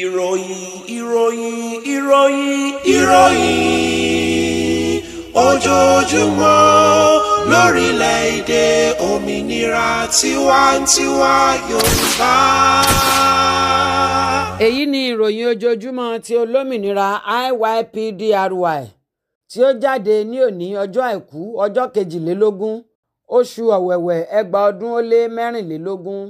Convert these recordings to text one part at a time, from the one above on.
ìròyìn ìròyìn ìròyìn ìròyìn ojoojúmọ́ lórílẹ̀‐èdè òmìnira tiwantiwa yorùbá. èyí ni ìròyìn ojoojúmọ́ ti olómìnira IYPDRY tí ó jáde ní òní ọjọ́ àìkú ọjọ́ kejìlélógún oṣù ọ̀wẹ̀wẹ̀ ẹgbàá ọdún ó lé mẹ́rìnlélógún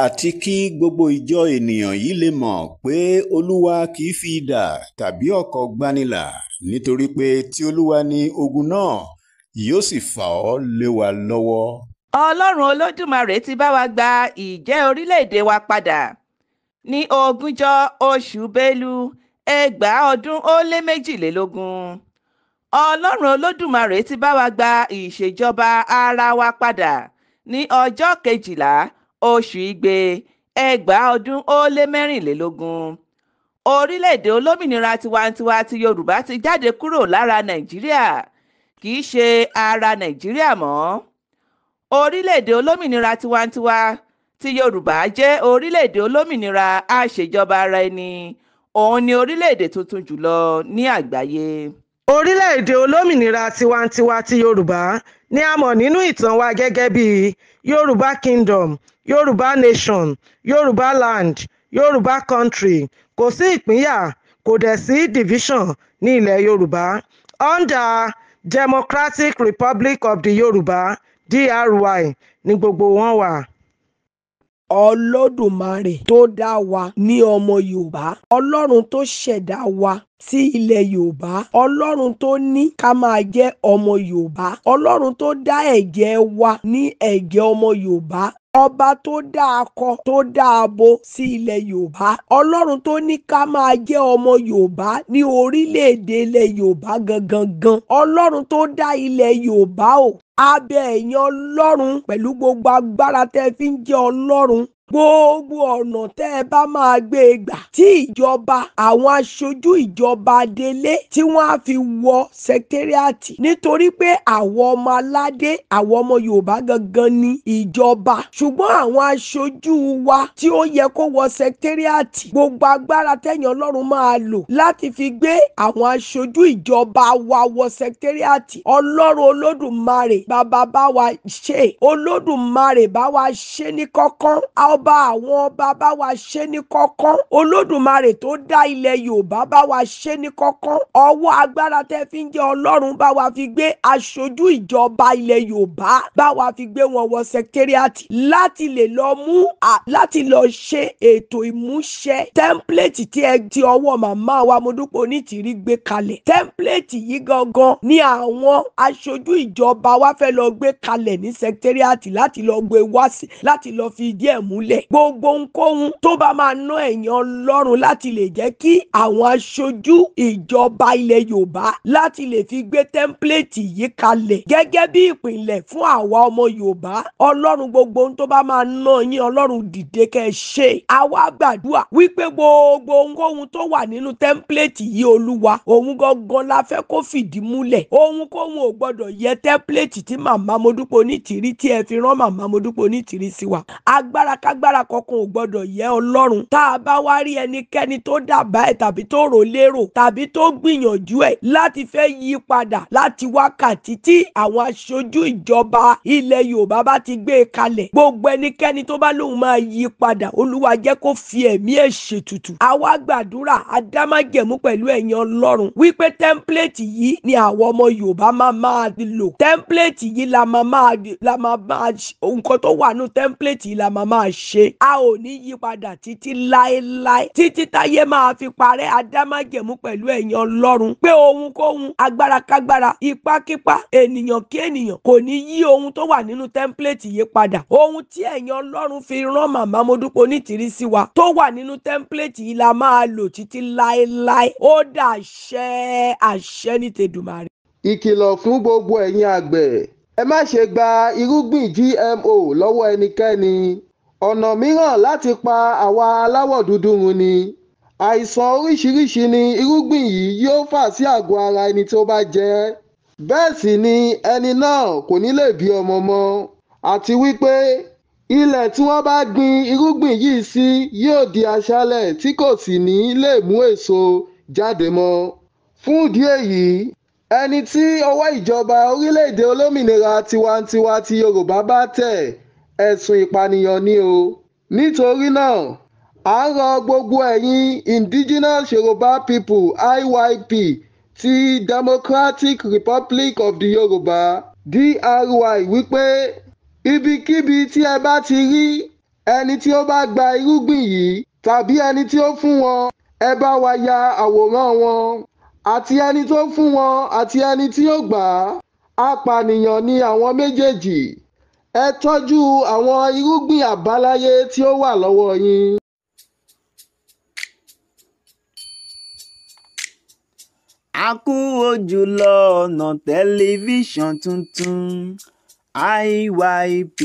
àti kí gbogbo ìjọ ènìyàn yìí lè mọ̀ pé olúwa kì í fi idà tàbí ọ̀kọ̀ gbanilà nítorí pé ti olúwa ni ogun náà yóò sì fà ọ́ lé wa lọ́wọ́. ọlọ́run olódùmarè ti bá wa gba ìjẹ́ orílẹ̀-èdè wa padà ní ogúnjọ́ oṣù bélú ẹgbàá ọdún ó lé méjìlélógún ọlọ́run olódùmarè ti bá wa gba ìṣèjọba ara wa padà ní ọjọ́ kejìlá oṣù igbe ẹgbàá ọdún ó lé mẹ́rìnlélógún orílẹ̀-èdè olómìnira tiwantiwa ti yorùbá ti jáde kúrò lára nàìjíríà kì í ṣe ara nàìjíríà mọ́ orílẹ̀-èdè olómìnira tiwantiwa ti yorùbá jẹ́ orílẹ̀-èdè olómìnira àṣejọba ara ẹni òun ni orílẹ̀-èdè tuntun jùlọ ní àgbáyé. orílẹ̀-èdè olómìnira tiwantiwa ti yorùbá ni a mọ̀ nínú ìtàn wa gẹ́gẹ́ bí yorùbá kingdom yorùbá nation yorùbá land yorùbá country kò sí ìpínyà kò dẹ̀ sí division ní ilẹ̀ yorùbá under democratic republic of the yorùbá dry ni gbogbo wọn wà ọlọ́dùmarè tó dá wa ní ọmọ yorùbá ọlọ́run tó ṣẹ̀dá wa sí ilẹ̀ yorùbá ọlọ́run tó ní ká máa jẹ́ ọmọ yorùbá ọlọ́run tó dá ẹ̀jẹ̀ wa ní ẹ̀jẹ̀ ọmọ yorùbá ọba tó dá akọ tó dá abo sí ilẹ̀ yorùbá ọlọ́run tó ní ká máa jẹ́ ọmọ yorùbá ní orílẹ̀-èdè ilẹ̀ yorùbá gangan gan ọlọ́run tó dá ilẹ̀ yorùbá o abẹ ẹ̀yàn ọlọ́run pẹ̀lú gbogbo agbára tẹ́ fi ń jẹ́ ọlọ́run gbogbo ọ̀nà tẹ́ ẹ bá máa gbé e gbà tí ìjọba àwọn aṣojú ìjọba adelé tí wọ́n á fi wọ sẹkẹ́ríàtì nítorí pé àwọn ọmọ aládé àwọn ọmọ Yorùbá gangan ni ìjọba ṣùgbọ́n àwọn aṣojú wa tí ó yẹ kó wọ sẹkẹ́ríàtì gbogbo agbára tẹ̀yìn Ọlọ́run máa lò láti fi gbé àwọn aṣojú ìjọba wa wọ sẹkẹ́ríàtì Ọlọ́run Olódùmarè bàbá bá wa ṣe Olódùmarè bá wa ṣe ní kọ́kán ọba àwọn ọba bá wa ṣe ní kọ́kán olódùmarè tó dá ilẹ̀ yorùbá bá wa ṣe ní kọ́kán ọwọ́ agbára tẹ́ fi ń jẹ́ ọlọ́run bá wa fi gbé aṣojú ìjọba ilẹ̀ yorùbá bá wa fi gbé wọn wọ secretariat láti lè lọ mú láti lọ ṣe ètò ìmúṣẹ template tí ẹ ti ọwọ́ màmá wa Modúpẹ́ Onítìrí gbé kalẹ̀ template yìí gangan ni àwọn aṣojú ìjọba wa fẹ́ lọ gbé kalẹ̀ ní secretariat láti lọ gbé wá sí láti lọ fi díẹ̀ múlẹ̀ lulẹ̀ gbogbo ohunkóhun tó bá máa ná ẹ̀yìn ọlọ́run láti lè jẹ́ kí àwọn aṣojú ìjọba ilẹ̀ yorùbá láti lè fi gbé tẹ́ḿpìlẹ̀tì yìí kalẹ̀ gẹ́gẹ́ bí ìpìlẹ̀ fún àwa ọmọ yorùbá ọlọ́run gbogbo ohun tó bá máa ná yín ọlọ́run dìde kẹ́ ẹ ṣe àwa gbàdúrà wípé gbogbo ohunkóhun tó wà nínú tẹ́ḿpìlẹ̀tì yìí olúwa òun gangan la fẹ́ kó fìdí múlẹ̀ ohunkóhun ò gbọ́dọ̀ yẹ tẹ́ḿpìlẹ̀tì tí màmá modúpọ̀ ní tí ẹ fi rán màmá modúpọ̀ ní sí wa agbára ká agbára kankan ò gbọdọ̀ yẹ ọlọ́run tá a bá wá rí ẹnikẹ́ni tó dábàá ẹ̀ tàbí tó rò lérò tàbí tó gbìyànjú ẹ̀ láti fẹ́ yí padà láti wákàtí tí àwọn aṣojú ìjọba ilẹ̀ yorùbá bá ti gbé e kalẹ̀ gbogbo ẹnikẹ́ni tó bá lóun máa yí padà olúwa jẹ́ kó fi ẹ̀mí ẹ̀ ṣètùtù àwa gbàdúrà adámájẹ̀mú pẹ̀lú ẹ̀yin ọlọ́run wípé tẹ́ḿpléètì yìí ni àwọn ọmọ yorùbá máa máa lò tẹ́ḿpléètì yìí la máa máa nǹkan tó wà nù tẹ́ḿpléètì yìí la máa máa ṣe ṣe a ò ní yí padà títí láéláé títí táyé máa fi parẹ́ adámájẹ̀mú pẹ̀lú ẹ̀yin ọlọ́run pé ohunkóhun agbárakágbára ipákípá ènìyàn kí ènìyàn kò ní yí ohun tó wà nínú tẹ́ḿpléètì yìí padà ohun tí ẹ̀yin ọlọ́run fi rán màmá modúpọ̀ onítìrí sí wa tó wà nínú tẹ́ḿpléètì yìí la máa lò títí láéláé ó dà ẹ má ṣe gba irúgbìn GMO lọ́wọ́ ẹnikẹ́ni ọ̀nà mìíràn láti pa àwa aláwọ̀ dúdú run ni àìsàn oríṣiríṣi ni irúgbìn yìí yóò fà sí àgọ́ ara ẹni tó bá jẹ ẹ́ bẹ́ẹ̀ sì ni ẹni náà kò ní lè bí ọmọ mọ́ àti wípé ilẹ̀ tí wọ́n bá gbin irúgbìn yìí sí yóò di aṣálẹ̀ tí kò sì ní lè mú èso jáde mọ́ fún ìdí èyí ẹni tí ọwọ́ ìjọba orílẹ̀-èdè olómìnira tiwantiwa ti Yorùbá bá tẹ̀ ẹ̀sùn ìpànìyàn ni o nítorí náà à ń rọ gbogbo ẹ̀yin indigenous yorùbá people IYP ti democratic republic of the yorùbá DRY wípé ibikíbi tí ẹ bá ti rí ẹni tí ó bá gba irúgbìn yìí tàbí ẹni tí ó fún wọn ẹ bá wa ya àwòrán wọn àti ẹni tó fún wọn àti ẹni tí ó gbà á apànìyàn ni àwọn méjèèjì ẹ tọ́jú àwọn irúgbìn àbáláyé tí ó wà lọ́wọ́ yín. a kú ojú lọ ọ̀nà tẹlifíṣàn tuntun IYP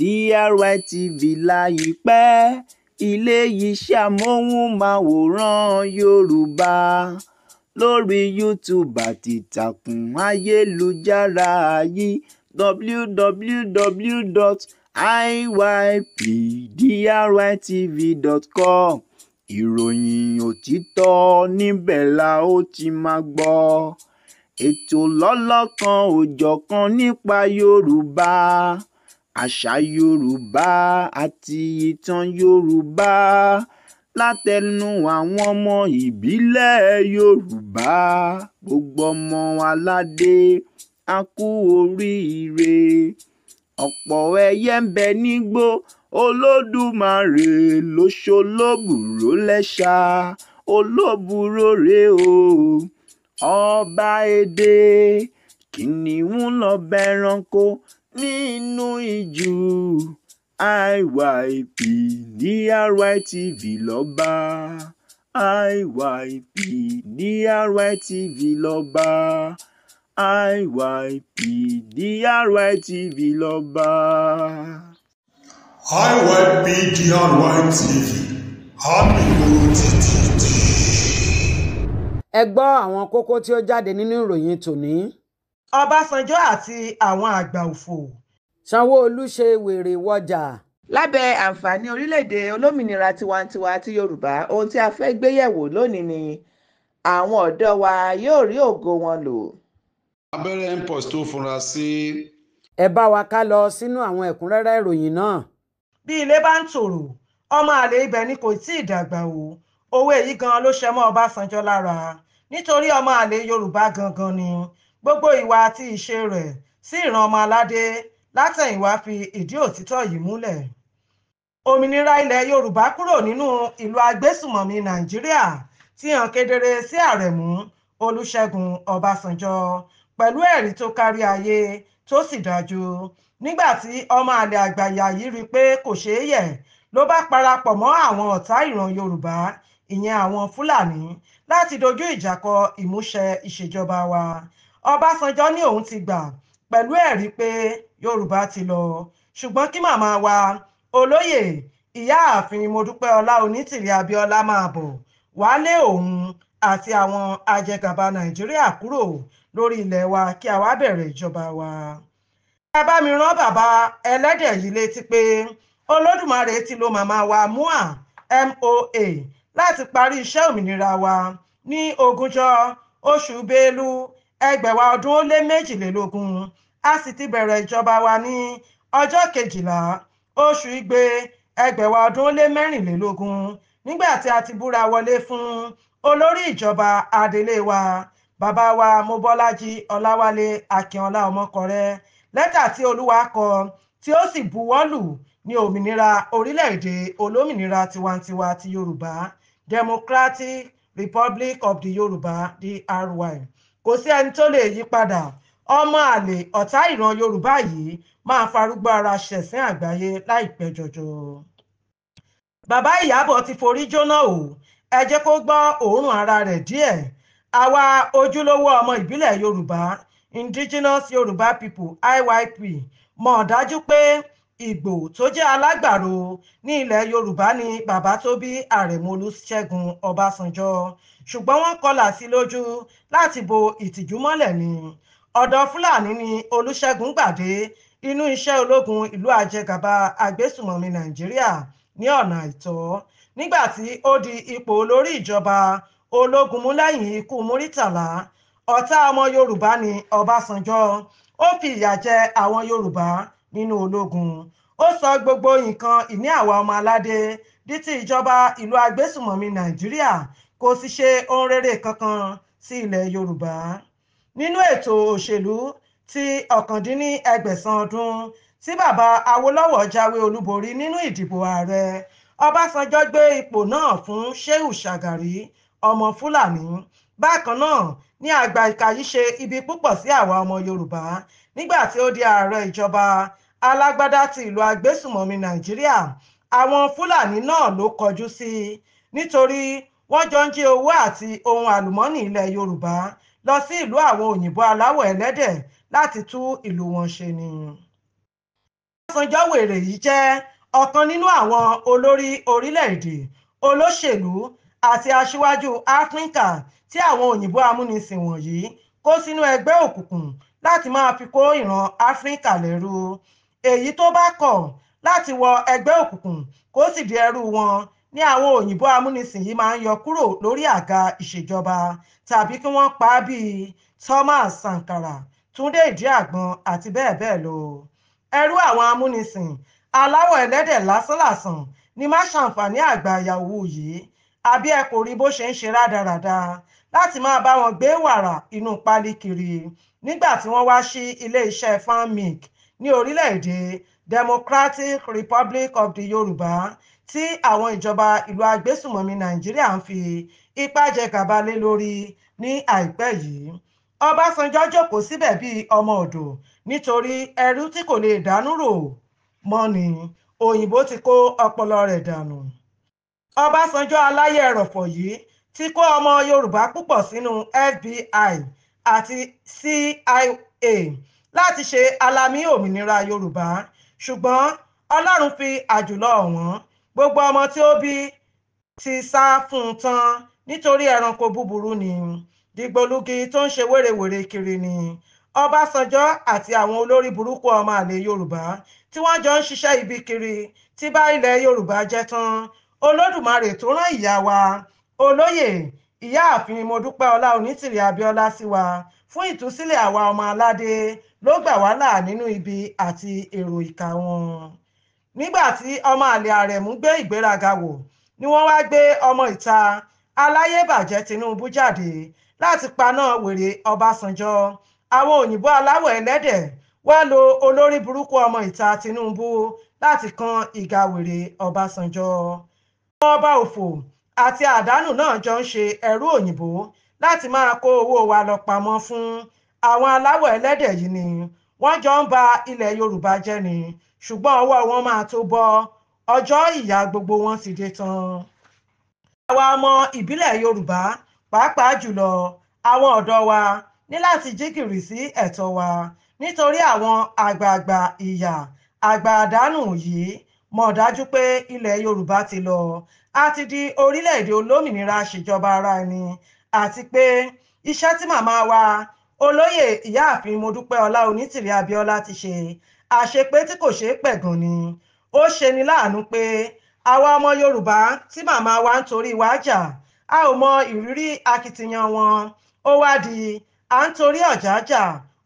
DRYTV láìpẹ́ ilé-iṣẹ́ amóhùnmáwòrán Yorùbá lórí YouTube àti ìtàkùn ayélujára yìí www.iypdrytv.com ìròyìn òtítọ́ níbẹ̀ la ó ti máa gbọ́ ètò lọ́lọ́kan òjọ̀kan nípa Yorùbá àṣà Yorùbá àti ìtàn Yorùbá látẹnu àwọn ọmọ ìbílẹ̀ Yorùbá gbogbo ọmọ aládé a kú oríire ọ̀pọ̀ ẹyẹ ń bẹ nígbó olódùmarè ló ṣolóbùrò lẹ́ṣà olóbùrò rè o ọba èdè kìnìún lọ́ba ẹranko nínú ìjù IYP DRYTV lọ́ba IYP DRYTV lọ́ba. IYPDRY-TV lọ́ba. IYPDRY-TV àmì ìgboro títí. ẹ gbọ́ àwọn kókó tí ó jáde nínú ìròyìn tòní. Ọbásanjọ́ àti àwọn àgbà òfò. Sanwó-Olú ṣe wèrè wọjà. Lábẹ́ àǹfààní orílẹ̀-èdè olómìnira tiwantiwa ti Yorùbá ohun tí a fẹ́ gbé yẹ̀wò lónìí ni àwọn ọ̀dọ́ wa yóò rí ògo wọn lò abẹ́rẹ́ mpox tó funra sí. ẹ bá wa ká lọ sínú àwọn ẹ̀kúnrẹ́rẹ́ ìròyìn náà. bí ilé bá ń tòrò ọmọ àlè ibẹ̀ ni kò tí ì dàgbà o owó èyí gan ló ṣe mọ́ Ọbásanjọ́ lára nítorí ọmọ àlè Yorùbá gangan ni gbogbo ìwà àti ìṣe rẹ̀ sí ìran ọmọ aládé látẹ̀yìnwá fi ìdí òtítọ́ yìí múlẹ̀ òmìnira ilẹ̀ Yorùbá kúrò nínú ìlú agbésùmọ̀mí Nàìjíríà ti hàn kedere sí Àrẹ̀mú Olúṣẹ́gun Ọbásanjọ́ pẹ̀lú ẹ̀rí tó kárí ayé tó sì dájú nígbà tí ọmọ àlè àgbàyà yìí rí i pé kò ṣeé yẹ ló bá parapọ̀ mọ́ àwọn ọ̀tá ìran yorùbá ìyẹn àwọn fúlàní láti dojú ìjà kọ ìmúṣẹ ìṣèjọba wa ọbásanjọ́ ní òun ti gbà pẹ̀lú ẹ̀rí pé yorùbá ti lọ ṣùgbọ́n kí màmá wa olóyè ìyáàfin modúpẹ́ ọlá onítìrí abíọ́lá máa bọ̀ wálé òun àti àwọn ajẹgàba nàìjíríà kúrò lórí ilẹ̀ wa kí a wá bẹ̀rẹ̀ ìjọba wa. ẹ bá mi rán bàbá ẹlẹ́dẹ̀ yìí létí pé olódùmarè ti lo màmá wa mua moa láti parí iṣẹ́ òmìnira wa ní ogúnjọ́ oṣù bélú ẹgbẹ̀wá ọdún ó lé méjìlélógún a sì ti bẹ̀rẹ̀ ìjọba wa ní ọjọ́ kejìlá oṣù igbe ẹgbẹ̀wá ọdún ó lé mẹ́rìnlélógún nígbà tí a ti búra wọlé fún olórí ìjọba adelé wa bàbá wa mobọ́lájí ọláwálé akínọlá ọmọkọrẹ lẹ́tà tí olúwa kọ tí ó sì buwọ́lù ní òmìnira orílẹ̀-èdè olómìnira tiwantiwa ti yorùbá democratic republic of the yorùbá dry kò sí ẹni tó lè yí padà ọmọ àlè ọ̀tá ìran yorùbá yìí máa farúgbó ara ṣẹ̀sín àgbáyé láìpẹ́ jọjọ. bàbá ìyábọ̀ ti forí jóná o ẹ jẹ́ kó gbọ́ òórùn ara rẹ̀ díẹ̀ àwa ojúlówó ọmọ ìbílẹ̀ yorùbá indigenous yorùbá people iyp mọ̀ dájú pé ìgbò tó jẹ́ alágbàro ní ilẹ̀ yorùbá ni bàbá tó bí àrẹ̀mọ olúṣẹ́gun ọbásanjọ́ ṣùgbọ́n wọ́n kọlà sí lójú láti bo ìtìjú mọ́lẹ̀ ni ọ̀dọ̀ fúlàní ni olúṣẹ́gun gbàdé inú iṣẹ́ ológun ìlú àjẹgàba agbésùmọ̀mí nàìjíríà ní ọ̀nà àìtọ́ nígbà tí ó di ipò olórí ìjọba ológunmúláyìn ikú muritàlá ọ̀tá ọmọ yorùbá ni ọbásanjọ́ ó fi ìyà jẹ àwọn yorùbá nínú ológun ó sọ gbogbo nǹkan ìní àwa ọmọ aládé di ti ìjọba ìlú agbésùmọ̀mí nàìjíríà kò sì ṣe ohun rere kankan sí ilẹ̀ yorùbá nínú ètò òṣèlú ti ọ̀kàndínníẹgbẹ̀sán ọdún tí bàbá awólọ́wọ̀ jáwé olúborí nínú ìdìbò ààrẹ ọbásanjọ́ gbé ipò náà fún shehu shagari ọmọ fúlàní bákan náà ní àgbà ìkàyí ṣe ibi púpọ̀ sí àwa ọmọ yorùbá nígbà tí ó di ààrẹ ìjọba alágbádá ti ìlú agbésùmọ̀mí nàìjíríà àwọn fúlàní náà ló kọjú sí i nítorí wọ́n jọ ń jí owó àti ohun àlùmọ́ọ́nì ilẹ̀ yorùbá lọ sí ìlú àwọn òyìnbó aláwọ̀ ẹlẹ́dẹ̀ láti tú ìlú wọn ṣe ni. ọ̀sánjọ́ wèrè yìí jẹ́ ọ̀kan nínú àwọn olórí orílẹ̀-èdè olóṣèlú àti aṣíwájú áfíríkà tí àwọn òyìnbó amúnisìn wọ̀nyí kó sínú ẹgbẹ́ òkùnkùn láti máa fi kó ìran áfíríkà lẹ́rú èyí tó bá kọ̀ láti wọ ẹgbẹ́ òkùnkùn kó sì di ẹrú wọn ní àwọn òyìnbó amúnisìn yìí máa ń yọ kúrò lórí àga ìṣèjọba tàbí kí wọ́n pa á bíi Thomas Sankara Túndé Ìdíàgbọn àti bẹ́ẹ̀ bẹ́ẹ̀ lọ ẹrú àwọn amúnisìn aláwọ̀ ẹlẹ́dẹ̀ lásánlàsàn ni má ṣàǹfààní àgbà yahoo yìí àbí ẹ kò rí bó ṣe ń ṣe rádaràda láti máa bá wọn gbé wàrà inú pálí kiri nígbà tí wọ́n wá sí iléeṣẹ́ fanmic ní orílẹ̀-èdè Democratic Republic of the Yorùbá tí àwọn ìjọba ìlú agbésùmọ̀mí Nàìjíríà ń fi ipá jẹ gàba lé lórí ní àìpẹ́ yìí Ọbásanjọ́ jókòó síbẹ̀ bíi ọmọ ọ̀dọ̀ nítorí ẹrú tí kò lè dánú rò mọ́ ni òyìnbó ti kó ọpọlọ rẹ̀ dànù ọbásanjọ́ aláyẹ̀ ẹ̀rọ̀fọ̀ yìí ti kó ọmọ yorùbá púpọ̀ sínú fbi àti cia láti ṣe alami òmìnira yorùbá ṣùgbọ́n ọlọ́run fi àjùlọ wọn gbogbo ọmọ tí ó bí ti sá fún un tán nítorí ẹranko búburú ni dìgbòlugi tó ń ṣe wérewère kiri ni ọbásanjọ́ àti àwọn olórí burúkú ọmọ àlè yorùbá tí wọ́n jọ ń ṣiṣẹ́ ibi kiri tí bá ilẹ̀ yorùbá jẹ́ tán olódùmarè tó rán ìyá wa olóyè ìyáàfin modúpẹ́ọlá onítìrì abíọ́lá sí wa fún ìtúsílẹ̀ àwa ọmọ aládé ló gbà wá là nínú ibi àti èrò ìkà wọn nígbà tí ọmọ àlè àrẹ̀mú gbé ìgbéraga wò ni wọ́n wá gbé ọmọ ìta aláyébàjẹ́ tinubu jáde láti paná wèrè ọbásanjọ́ àwọn òyìnbó aláwọ̀ ẹlẹ́dẹ̀ wá lo olórí burúkú ọmọ ìta tinubu láti kan ìgà wèrè ọbásanjọ́ ọba òfò àti àdánù náà jọ ń ṣe ẹrú òyìnbó láti máa kó owó wa lọ pamọ́ fún àwọn aláwọ̀ ẹlẹ́dẹ̀ yìí ni wọ́n jọ ń ba ilẹ̀ Yorùbá jẹ́ ni ṣùgbọ́n ọwọ́ wọn máa tó bọ́ ọjọ́ ìyà gbogbo wọn ti dé tán. àwa ọmọ ìbílẹ̀ Yorùbá pàápàá jùlọ àwọn ọ̀dọ́ wa ní láti jíkìrì sí ẹ̀tọ́ wa nítorí àwọn àgbààgbà ìyà àgbà àdánù yìí mọ̀ dájú pé ilẹ̀ yorùbá ti lọ a ti di orílẹ̀-èdè olómìnira ṣèjọba ara ẹni àti pé iṣẹ́ tí màmá wa olóyè ìyáàfin modúpẹ́ ọlá onítìrí abíọ́lá ti ṣe àṣepé tí kò ṣeé pẹ̀gàn ni ó ṣeni láàánú pé àwa ọmọ yorùbá tí màmá wa ń torí wa jà a ò mọ ìrírí akitiyan wọn ó wá di à ń torí ọ̀jà jà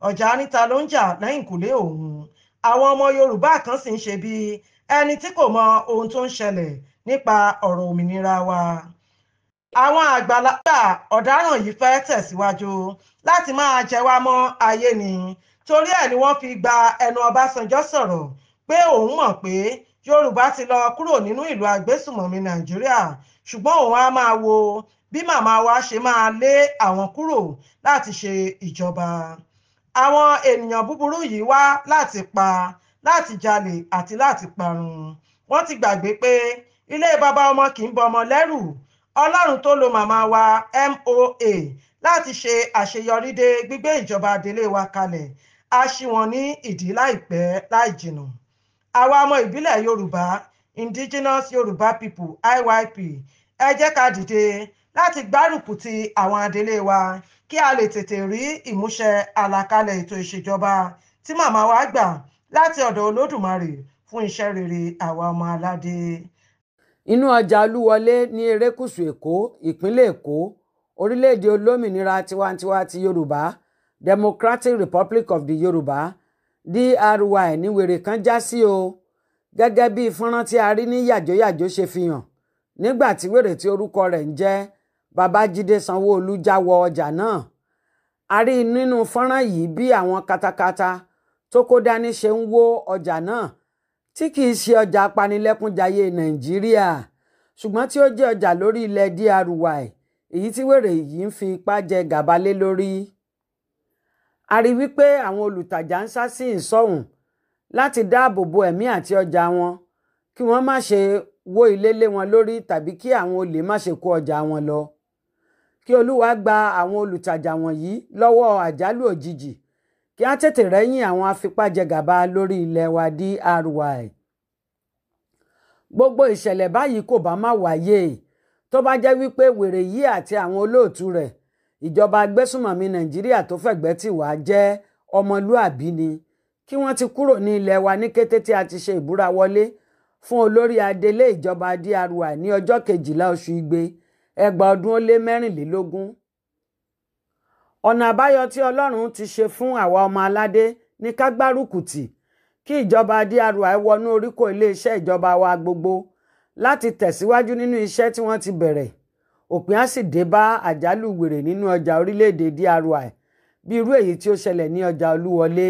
ọ̀jà níta ló ń jà lẹ́yìn kùlé òun àwọn ọmọ yorùbá kan sì ń ṣe bíi ẹni tí kò mọ ohun tó ń ṣẹlẹ̀ nípa ọ̀rọ̀ òmìnira wa àwọn àgbàlagbà ọ̀daràn yìí fẹ́ tẹ̀síwájú láti máa jẹ mọ́ ayé ni torí ẹ̀ ni wọ́n fi gba ẹnu Ọbásanjọ́ sọ̀rọ̀ pé òun mọ̀ pé Yorùbá ti lọ kúrò nínú ìlú agbésùmọ̀mí Nàìjíríà ṣùgbọ́n òun á máa wo bí màmá wa ṣe máa lé àwọn kúrò láti ṣe ìjọba àwọn ènìyàn búburú yìí wá láti pa láti jalè àti láti parun wọ́n ti gbàgbé pé ilé bàbá ọmọ kì í bọmọ lẹ́rù ọlọ́run tó lo màmá wa moa láti ṣe àṣeyọrí dé gbígbé ìjọba délé wa kalẹ̀ a ṣí wọn ní ìdí láìpẹ́ láì jìnnà àwa ọmọ ìbílẹ̀ yorùbá indigenous yorùbá people iyp ẹ jẹ́ ká dìde láti gbárùkù ti àwọn adelé wa kí a lè tètè rí ìmúṣẹ àlàkalẹ̀ ètò ìṣèjọba tí màmá wa gbà láti ọ̀dọ̀ olódùmarè fún iṣẹ́ rere àwa ọmọ aládé. inú ọjà olúwọlé ní erékùṣù èkó ìpínlẹ̀ èkó orílẹ̀-èdè olómìnira tiwantiwa ti yorùbá democratic republic of the yorùbá DRY ní wèrè kan já sí o gẹ́gẹ́ bí fọ́nrán tí a rí ní yàjóyàjó ṣe fi hàn nígbà tí wèrè tí orúkọ rẹ̀ ń jẹ́ babájídé sanwó já wọ ọjà náà a rí nínú fọ́nrán yìí bí àwọn katakata tó kó dání ṣe ń wó ọjà náà tí kì í ṣe ọjà apanilẹ́kúnjayé nàìjíríà ṣùgbọ́n tí ó jẹ́ ọjà lórí ilẹ̀ DRY èyí tí wèrè yìí ń fi ipá jẹ gàba lé lórí. a rí wípé àwọn olùtajà ń sá sí ìsọ̀hún láti dáàbò bo ẹ̀mí àti ọjà wọn kí wọ́n má ṣe wó ilé lé wọn lórí tàbí kí àwọn olè má ṣe kó ọjà wọn lọ. kí olúwa gba àwọn olùtajà wọ̀nyí lọ́wọ́ àjálù òjijì kí á tètè rẹ́yìn àwọn afipájẹgàba lórí ilẹ̀ wa DRY gbogbo ìṣẹ̀lẹ̀ báyìí kò bá má wáyé tó bá jẹ́ wípé wèrè yìí àti àwọn olóòtú rẹ̀ ìjọba agbésùmọ̀mí Nàìjíríà tó fẹ̀gbẹ́ tì wá jẹ́ ọmọlúàbí ni kí wọ́n ti kúrò ní ilẹ̀ wa ní kété tí a ti ṣe ìbúra wọlé fún olórí adelé ìjọba DRY ní ọjọ́ kejìlá oṣù igbe ẹgbàá ọdún ó lé mẹ́rìnlélógún ọ̀nà àbáyọ tí ọlọ́run ti ṣe fún àwa ọmọ aládé ní ká gbárùkù tì kí ìjọba DRY wọnú oríkò iléeṣẹ́ ìjọba wa gbogbo láti tẹ̀síwájú nínú iṣẹ́ tí wọ́n ti bẹ̀rẹ̀ òpin á sì dé bá àjálù wèrè nínú ọjà orílẹ̀-èdè DRY bí irú èyí tí ó ṣẹlẹ̀ ní ọjà olúwọlé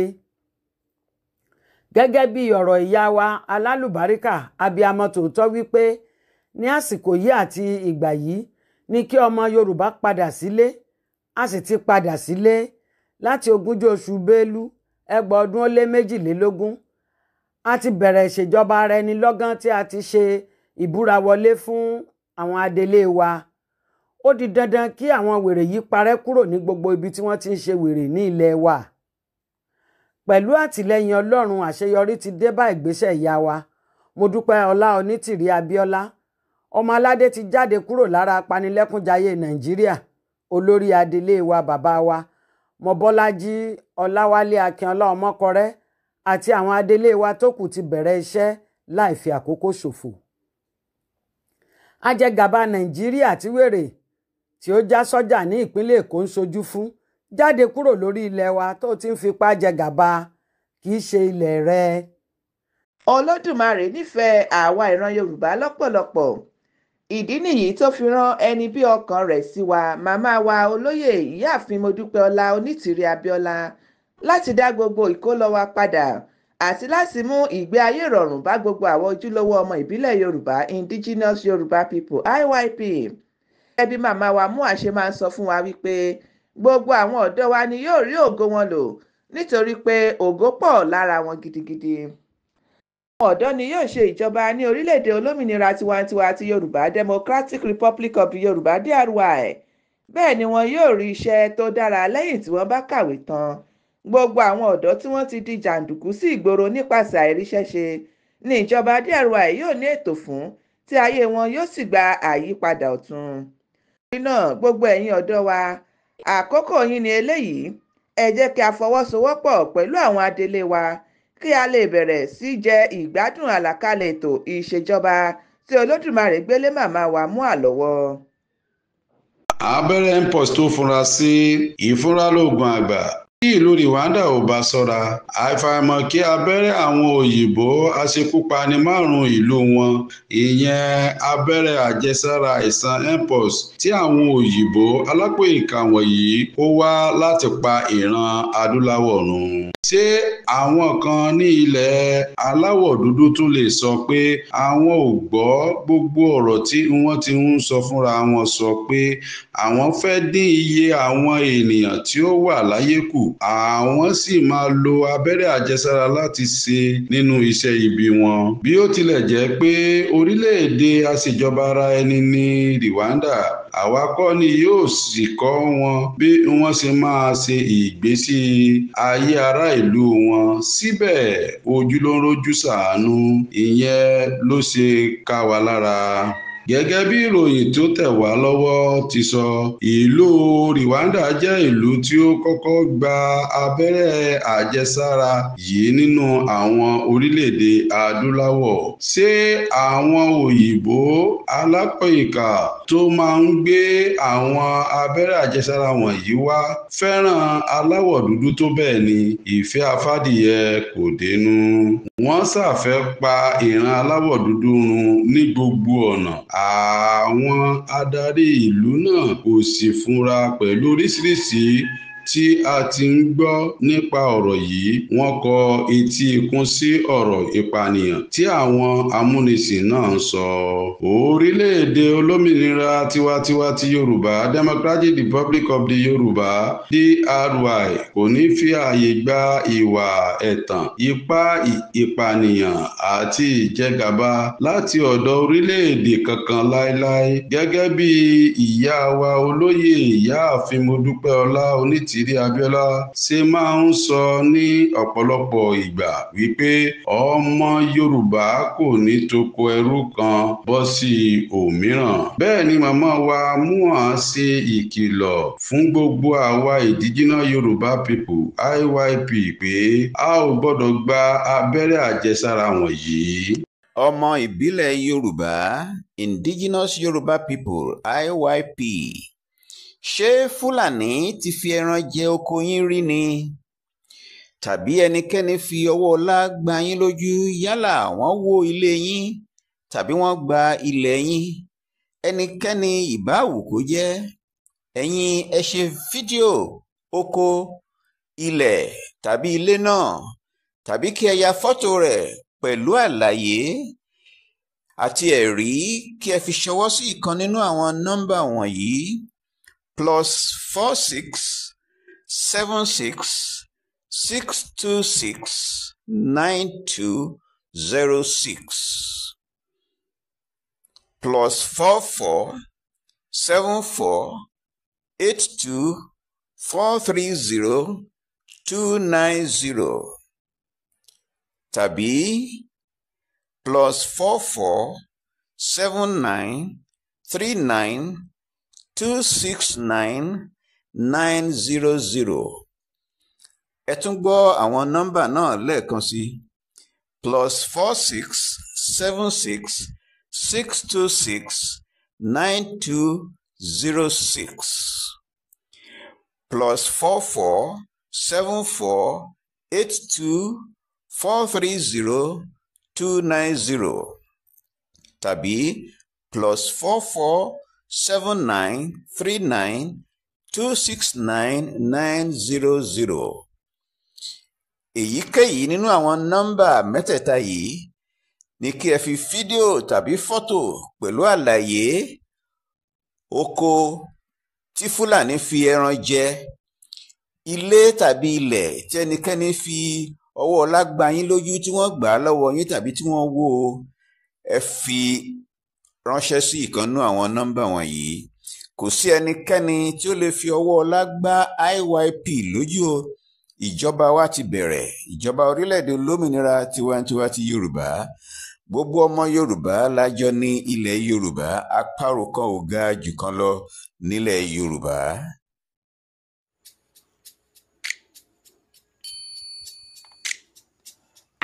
gẹ́gẹ́ bí ọ̀rọ̀ ìyá wa alálùbáríkà abiyamọ tòótọ́ wípé ní àsìkò yìí àti ìgbà yìí ni kí ọmọ Yorùbá padà sílé si a sì ti padà sílé láti ogúnjọ́ oṣù bélú ẹgbàá ọdún ó lé méjìlélógún a ti bẹ̀rẹ̀ ìṣèjọba ara ẹni lọ́gán tí a ti ṣe ìbúra wọlé fún àwọn adelé wa ó di dandan kí àwọn wèrè yìí parẹ́ kúrò ní gbogbo ibi tí wọ́n ti ń ṣe wèrè ní ilẹ̀ wa pẹ̀lú àtìlẹ́yìn ọlọ́run àṣeyọrí ti dé bá ìgbésẹ̀ ìyá wa mo dúpẹ́ ọlá onítìrí abíọ́lá ọmọ aládé ti jáde kúrò lára apanilẹ́kúnjayé nàìjíríà olórí adelé wa bàbá wa mọ́bọ́lájí ọláwálé akínọlá ọmọkọrẹ àti àwọn adelé wa tó kù ti bẹ̀rẹ̀ iṣẹ́ láì fi àkókò ṣòfò ajẹgàba nàìjíríà tí wèrè tí ó já sọ́jà ní ìpínlẹ̀ èkó ń sojú fún jáde kúrò lórí ilẹ̀ wa tó ti ń fipá jẹgàba kì í ṣe ilẹ̀ rẹ. olódùmarè nífẹ̀ẹ́ àwa ìran yorùbá lọ́pọ̀lọpọ̀ ìdí nìyí tó fi rán ẹni bí ọkàn rẹ̀ sí wa màmá wa olóyè ìyáàfin modúpẹ́ọlá onítìrí abíọ́lá láti dá gbogbo ìkólọ wa padà àti láti mú ìgbé ayé rọrùn bá gbogbo àwọn ojúlówó ọmọ ìbílẹ̀ yorùbá indigenous yorùbá people iyp ẹbí màmá wa mú àṣẹ máa ń sọ fún wa wípé gbogbo àwọn ọ̀dọ́ wa ni yóò rí ògo wọn lò nítorí pé ògo pọ̀ lára wọn gidigidi àwọn ọ̀dọ́ ni yóò ṣe ìjọba ní orílẹ̀-èdè olómìnira tiwantiwa ti yorùbá democratic republic of the yorùbá dry bẹ́ẹ̀ ni wọn yóò rí iṣẹ́ tó dára lẹ́yìn tí wọ́n bá kàwé tán gbogbo àwọn ọ̀dọ́ tí wọ́n ti di jàǹdùkú sí ìgboro nípasẹ̀ àìríṣẹ́ṣe ni ìjọba dry yóò ní ètò fún tí ayé wọn yóò sì gba àyípadà ọ̀tun. torí náà gbogbo ẹ̀yin ọ̀dọ́ wa àkókò yín ni eléyìí ẹ jẹ́ kí a fọwọ́sowọ́pọ̀ pẹ̀lú àwọn adelé wa kí a lè bẹ̀rẹ̀ sí jẹ ìgbádùn àlàkalẹ̀ ètò ìṣèjọba tí olódùmarè gbélé màmá wa Mua lọ́wọ́ abẹ́rẹ́ mpox tó funra sí ìfúnra lóògùn àgbà tí ìlú Rwanda ò bá ṣọ́ra àìfàìmọ̀ kí abẹ́rẹ́ àwọn òyìnbó aṣekúpani márùn-ún ìlú wọn ìyẹn abẹ́rẹ́ àjẹsára àìsàn mpox tí àwọn òyìnbó alápò wọ̀nyí kó wá láti pa ìran adúláwọ̀ run ṣé àwọn kan ní ilẹ̀ aláwọ̀ dúdú tún lè sọ pé àwọn ò gbọ́ gbogbo ọ̀rọ̀ tí wọ́n ti ń sọ fúnra wọn sọ pé àwọn fẹ́ dín iye àwọn ènìyàn tí ó wà láyé kù àwọn sì máa lo abẹ́rẹ́ àjẹsára láti ṣe nínú iṣẹ́ ibi wọn. bí ó tilẹ̀ jẹ́ pé orílẹ̀-èdè aṣèjọba ara ẹni ní Rwanda àwa kọ́ ni yóò sì kọ́ wọn bí wọ́n ṣe máa ṣe ìgbésí ayé ará ìlú wọn síbẹ̀ ojú ló ń rojú ṣàánú ìyẹn ló ṣe ká wa lára gẹ́gẹ́ bí ìròyìn tó tẹ̀ wá lọ́wọ́ ti sọ ìlú Rwanda jẹ́ ìlú tí ó kọ́kọ́ gba abẹ́rẹ́ àjẹsára yìí nínú àwọn orílẹ̀-èdè adúláwọ̀ ṣé àwọn òyìnbó alápẹ̀yìnká tó máa ń gbé àwọn abẹ́rẹ́ àjẹsára wọ̀nyí wá fẹ́ràn aláwọ̀ dúdú tó bẹ́ẹ̀ ni ìfẹ́ afádìyẹ kò dénú wọ́n ṣàfẹ́ pa ìran aláwọ̀ dúdú run ní gbogbo ọ̀nà àwọn adarí ìlú náà kò sì fúnra pẹ̀lú oríṣiríṣi tí a ti ń gbọ́ nípa ọ̀rọ̀ yìí wọ́n kọ etí ikún sí ọ̀rọ̀ ìpànìyàn tí àwọn amúnisìn náà ń sọ. orílẹ̀-èdè olómìnira tiwantiwa ti yorùbá democratic republic of the yorùbá dry kò ní fi ààyè gba ìwà ẹ̀tàn ipá ìpànìyàn àti ìjẹgàba láti ọ̀dọ̀ orílẹ̀-èdè kankan láéláé gẹ́gẹ́ bí ìyá wa olóyè ìyáàfin modúpẹ́ ọlá onítì àṣírí Abíọ́lá ṣe máa ń sọ ní ọ̀pọ̀lọpọ̀ ìgbà wípé ọmọ Yorùbá kò ní toko ẹrú kan bọ́ sí òmíràn. Bẹ́ẹ̀ ni màmá wa Múà ṣe ìkìlọ̀ fún gbogbo àwa ìdíjínà Yorùbá people IYP pé a ò gbọ́dọ̀ gba abẹ́rẹ́ àjẹsára wọ̀nyí. Ọmọ ìbílẹ̀ Yorùbá Indigenous Yoruba People IYP ṣé fúlàní ti fi ẹran jẹ oko yín rí ni tàbí ẹnikẹ́ni fi ọwọ́ ọlá gba yín lójú yálà wọ́n wó ilé yín tàbí wọ́n gba ilẹ̀ yín ẹnikẹ́ni ìbáwù kó jẹ́ ẹ̀yin ẹ ṣe fídíò oko ilẹ̀ tàbí ilé náà tàbí kí ẹ ya fọ́tò rẹ̀ pẹ̀lú àlàyé àti ẹ̀rí kí ẹ fi ṣọwọ́ sí ìkan nínú àwọn nọ́mbà wọ̀nyí plus four six seven six six two six nine two zero six plus four four seven four eight two four three zero two nine zero tàbí plus four four seven nine three nine two six nine nine zero zero ẹ tún gbọ́ àwọn nọ́mbà náà lẹ́ẹ̀kan sí plus four six seven six six two six nine two zero six plus four four seven four eight two four three zero two nine zero tàbí plus four four seven nine three nine two six nine nine zero zero. èyíkéyìí nínú àwọn nọ́mbà mẹ́tẹ̀ẹ̀ta yìí ní kí ẹ fi fídíò tàbí fọ́tò pẹ̀lú àlàyé oko tí fúlàní fi ẹran jẹ ilé tàbí ilẹ̀ tí ẹnikẹ́ni fi ọwọ́ ọlá gbá yín lójú tí wọ́n gbà á lọ́wọ́ yín tàbí tí wọ́n wó ẹ fi ránṣẹ́ sí ìkànnú àwọn nọ́mbà wọ̀nyí kò sí ẹnikẹ́ni tí ó lè fi ọwọ́ ọlá gbá IYP lójú o ìjọba wa ti bẹ̀rẹ̀ ìjọba orílẹ̀-èdè olómìnira tiwantiwa ti Yorùbá gbogbo ọmọ Yorùbá lájọ ní ilẹ̀ Yorùbá apárò kan ò ga jù kan lọ nílẹ̀ Yorùbá.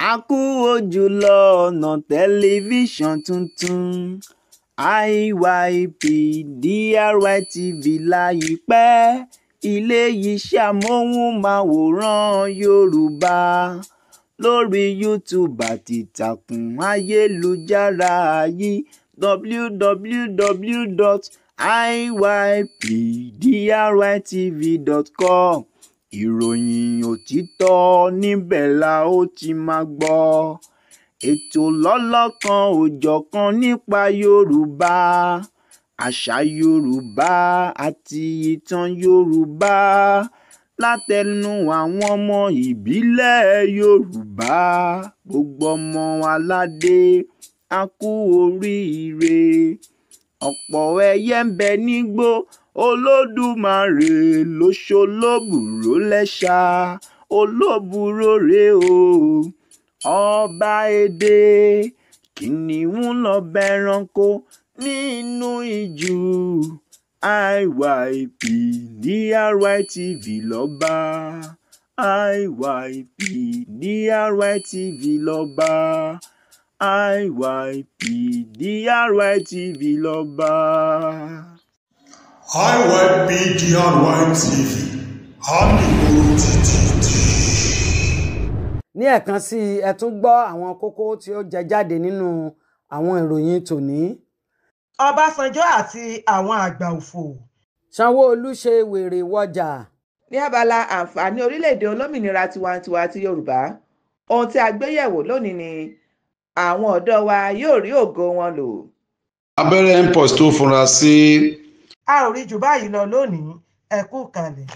a kú ojú lọ ọ̀nà tẹlifíṣàn tuntun IYPDRYTV láìpẹ́ ilé-iṣẹ́ amóhùnmáwòrán Yorùbá lórí YouTube àti ìtàkùn ayélujára yìí www.iypdrytv.com ìròyìn òtítọ́ níbẹ̀ la ó ti máa gbọ́ ètò lọ́lọ́kan òjọ̀kan nípa Yorùbá àṣà Yorùbá àti ìtàn Yorùbá látẹnu àwọn ọmọ ìbílẹ̀ Yorùbá gbogbo ọmọ aládé á kú oríire ọ̀pọ̀ ẹyẹ ń bẹ nígbó Olódùmarè ló ṣolóbùrò lẹ́ṣà olóbùrò rèé o ọba èdè kìnìún lọba ẹranko nínú ìjù IYP DRYTV lọ́ba IYP DRYTV lọ́ba IYP DRYTV lọ́ba. IYP DRYTV á nìgboro títí tí ní ẹ̀kan sí i ẹ tún gbọ́ àwọn kókó tí ó jẹ jáde nínú àwọn ìròyìn tòní. Ọbásanjọ́ àti àwọn àgbà òfò. Sanwó-Olú ṣe wèrè wọjà. ní abala àǹfààní orílẹ̀-èdè olómìnira tiwantiwa ti Yorùbá ohun tí a gbé yẹ̀wò lónìí ni àwọn ọ̀dọ́ wa yóò rí ògo wọn lò. abẹ́rẹ́ mpox tó funra sí. a ò rí jù báyìí lọ lónìí ẹ kú kalẹ̀.